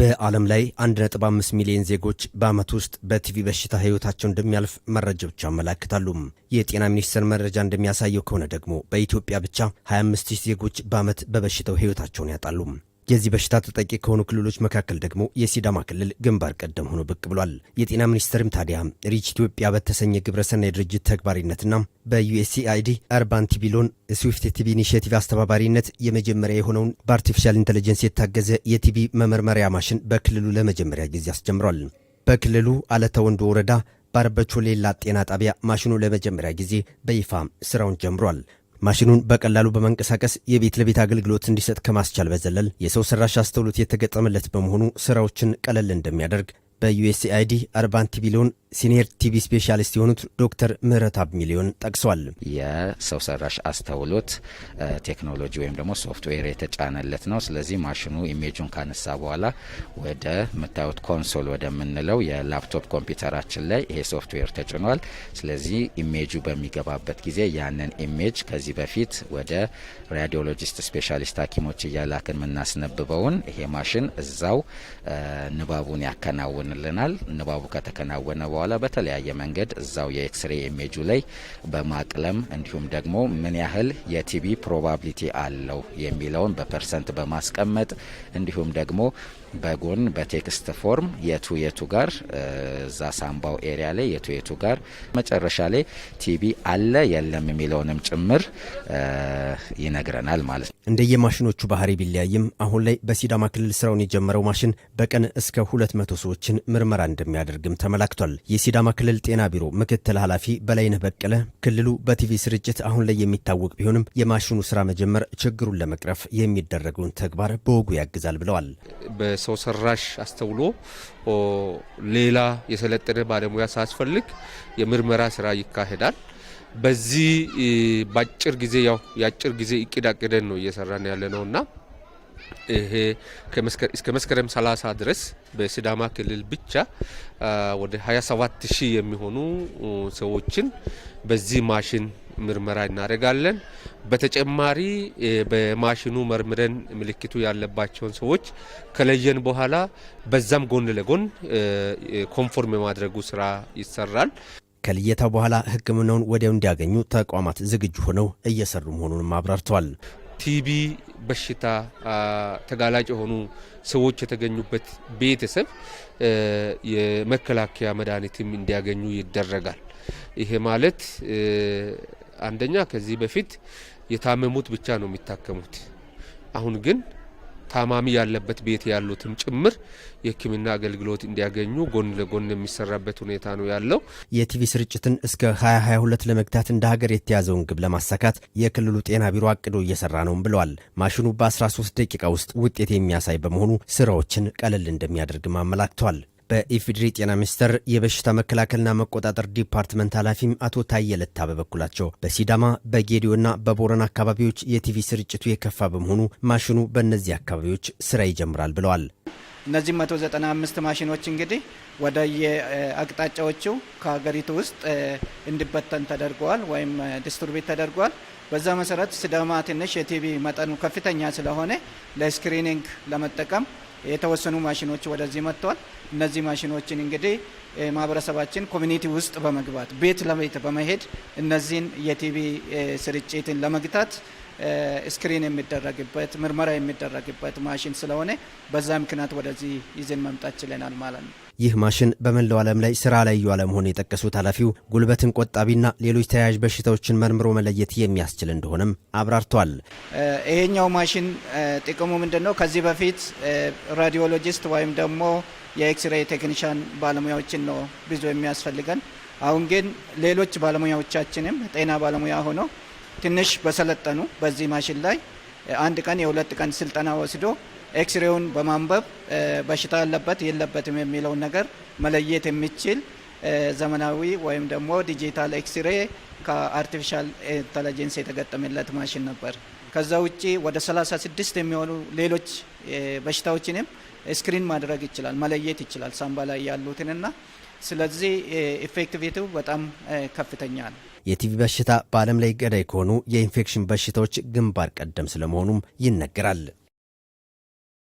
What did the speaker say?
በዓለም ላይ 1.5 ሚሊዮን ዜጎች በዓመት ውስጥ በቲቪ በሽታ ህይወታቸው እንደሚያልፍ መረጃዎች ያመላክታሉ። የጤና ሚኒስቴር መረጃ እንደሚያሳየው ከሆነ ደግሞ በኢትዮጵያ ብቻ 25 ዜጎች በዓመት በበሽታው ህይወታቸውን ያጣሉ። የዚህ በሽታ ተጠቂ ከሆኑ ክልሎች መካከል ደግሞ የሲዳማ ክልል ግንባር ቀደም ሆኖ ብቅ ብሏል። የጤና ሚኒስቴርም ታዲያ ሪች ኢትዮጵያ በተሰኘ ግብረሰናይ ድርጅት ተግባሪነትና በዩኤስኤአይዲ አርባን ቲቢሎን ስዊፍት ቲቪ ኢኒሽቲቭ አስተባባሪነት የመጀመሪያ የሆነውን በአርቲፊሻል ኢንቴሊጀንስ የታገዘ የቲቢ መመርመሪያ ማሽን በክልሉ ለመጀመሪያ ጊዜ አስጀምሯል። በክልሉ አለተ ወንዶ ወረዳ ባርበቾ ሌላ ጤና ጣቢያ ማሽኑ ለመጀመሪያ ጊዜ በይፋ ስራውን ጀምሯል። ማሽኑን በቀላሉ በመንቀሳቀስ የቤት ለቤት አገልግሎት እንዲሰጥ ከማስቻል በዘለል የሰው ሰራሽ አስተውሎት የተገጠመለት በመሆኑ ስራዎችን ቀለል እንደሚያደርግ በዩኤስኤአይዲ አርባን ቲቪ ሲኒየር ቲቪ ስፔሻሊስት የሆኑት ዶክተር አብ ሚሊዮን ጠቅሷል። የሰው ሰራሽ አስተውሎት ቴክኖሎጂ ወይም ደግሞ ሶፍትዌር የተጫነለት ነው። ስለዚህ ማሽኑ ኢሜጁን ካነሳ በኋላ ወደ ምታዩት ኮንሶል ወደምንለው የላፕቶፕ ኮምፒውተራችን ላይ ይሄ ሶፍትዌር ተጭኗል። ስለዚህ ኢሜጁ በሚገባበት ጊዜ ያንን ኢሜጅ ከዚህ በፊት ወደ ራዲዮሎጂስት ስፔሻሊስት ሐኪሞች እያላክን የምናስነብበውን ይሄ ማሽን እዛው ንባቡን ያከናውን ይሸፍንልናል። ንባቡ ከተከናወነ በኋላ በተለያየ መንገድ እዛው የኤክስሬ ኢሜጁ ላይ በማቅለም እንዲሁም ደግሞ ምን ያህል የቲቢ ፕሮባቢሊቲ አለው የሚለውን በፐርሰንት በማስቀመጥ እንዲሁም ደግሞ በጎን በቴክስት ፎርም የቱ የቱ ጋር እዛ ሳምባው ኤሪያ ላይ የቱ የቱ ጋር መጨረሻ ላይ ቲቢ አለ የለም የሚለውንም ጭምር ይነግረናል ማለት ነው። እንደየማሽኖቹ ባህሪ ቢለያይም አሁን ላይ በሲዳማ ክልል ስራውን የጀመረው ማሽን በቀን እስከ 200 ሰዎችን ምርመራ እንደሚያደርግም ተመላክቷል። የሲዳማ ክልል ጤና ቢሮ ምክትል ኃላፊ በላይነህ በቀለ ክልሉ በቲቪ ስርጭት አሁን ላይ የሚታወቅ ቢሆንም የማሽኑ ስራ መጀመር ችግሩን ለመቅረፍ የሚደረገውን ተግባር በወጉ ያግዛል ብለዋል። በሰው ሰራሽ አስተውሎ ሌላ የሰለጠነ ባለሙያ ሳያስፈልግ የምርመራ ስራ ይካሄዳል። በዚህ በአጭር ጊዜ ያው የአጭር ጊዜ እቅድ አቅደን ነው እየሰራን ያለ ነው እና ይሄ እስከ መስከረም 30 ድረስ በሲዳማ ክልል ብቻ ወደ 27 ሺህ የሚሆኑ ሰዎችን በዚህ ማሽን ምርመራ እናደርጋለን። በተጨማሪ በማሽኑ መርምረን ምልክቱ ያለባቸውን ሰዎች ከለየን በኋላ በዛም ጎን ለጎን ኮንፎርም የማድረጉ ስራ ይሰራል። ከልየታ በኋላ ሕክምናውን ወዲያው እንዲያገኙ ተቋማት ዝግጁ ሆነው እየሰሩ መሆኑንም አብራርተዋል። ቲቢ በሽታ ተጋላጭ የሆኑ ሰዎች የተገኙበት ቤተሰብ የመከላከያ መድኃኒትም እንዲያገኙ ይደረጋል። ይሄ ማለት አንደኛ ከዚህ በፊት የታመሙት ብቻ ነው የሚታከሙት። አሁን ግን ታማሚ ያለበት ቤት ያሉትም ጭምር የሕክምና አገልግሎት እንዲያገኙ ጎን ለጎን የሚሰራበት ሁኔታ ነው ያለው። የቲቪ ስርጭትን እስከ 2022 ለመግታት እንደ ሀገር የተያዘውን ግብ ለማሳካት የክልሉ ጤና ቢሮ አቅዶ እየሰራ ነውም ብለዋል። ማሽኑ በ13 ደቂቃ ውስጥ ውጤት የሚያሳይ በመሆኑ ስራዎችን ቀለል እንደሚያደርግም አመላክቷል። በኢፌዴሪ ጤና ሚኒስቴር የበሽታ መከላከልና መቆጣጠር ዲፓርትመንት ኃላፊም አቶ ታየ ለታ በበኩላቸው በሲዳማ በጌዲዮና በቦረና አካባቢዎች የቲቪ ስርጭቱ የከፋ በመሆኑ ማሽኑ በእነዚህ አካባቢዎች ስራ ይጀምራል ብለዋል። እነዚህ 195 ማሽኖች እንግዲህ ወደ የአቅጣጫዎቹ ከሀገሪቱ ውስጥ እንዲበተን ተደርገዋል ወይም ዲስትሪቢዩት ተደርገዋል። በዛ መሰረት ሲዳማ ትንሽ የቲቪ መጠኑ ከፍተኛ ስለሆነ ለስክሪኒንግ ለመጠቀም የተወሰኑ ማሽኖች ወደዚህ መጥተዋል። እነዚህ ማሽኖችን እንግዲህ ማህበረሰባችን ኮሚኒቲ ውስጥ በመግባት ቤት ለቤት በመሄድ እነዚህን የቲቪ ስርጭትን ለመግታት ስክሪን የሚደረግበት ምርመራ የሚደረግበት ማሽን ስለሆነ በዛ ምክንያት ወደዚህ ይዘን መምጣት ችለናል ማለት ነው። ይህ ማሽን በመላው ዓለም ላይ ስራ ላይ እየዋለ መሆኑን የጠቀሱት ኃላፊው ጉልበትን ቆጣቢና ሌሎች ተያያዥ በሽታዎችን መርምሮ መለየት የሚያስችል እንደሆነም አብራርቷል። ይሄኛው ማሽን ጥቅሙ ምንድን ነው? ከዚህ በፊት ራዲዮሎጂስት ወይም ደግሞ የኤክስሬይ ቴክኒሻን ባለሙያዎችን ነው ብዙ የሚያስፈልገን። አሁን ግን ሌሎች ባለሙያዎቻችንም ጤና ባለሙያ ሆነው ትንሽ በሰለጠኑ በዚህ ማሽን ላይ አንድ ቀን የሁለት ቀን ስልጠና ወስዶ ኤክስሬውን በማንበብ በሽታ ያለበት የለበትም የሚለውን ነገር መለየት የሚችል ዘመናዊ ወይም ደግሞ ዲጂታል ኤክስሬ ከአርቲፊሻል ኢንተለጀንስ የተገጠመለት ማሽን ነበር። ከዛ ውጪ ወደ 36 የሚሆኑ ሌሎች በሽታዎችንም ስክሪን ማድረግ ይችላል፣ መለየት ይችላል ሳምባ ላይ ያሉትንና ስለዚህ ኢፌክቲቪቲው በጣም ከፍተኛ ነው። የቲቪ በሽታ በዓለም ላይ ገዳይ ከሆኑ የኢንፌክሽን በሽታዎች ግንባር ቀደም ስለመሆኑም ይነገራል።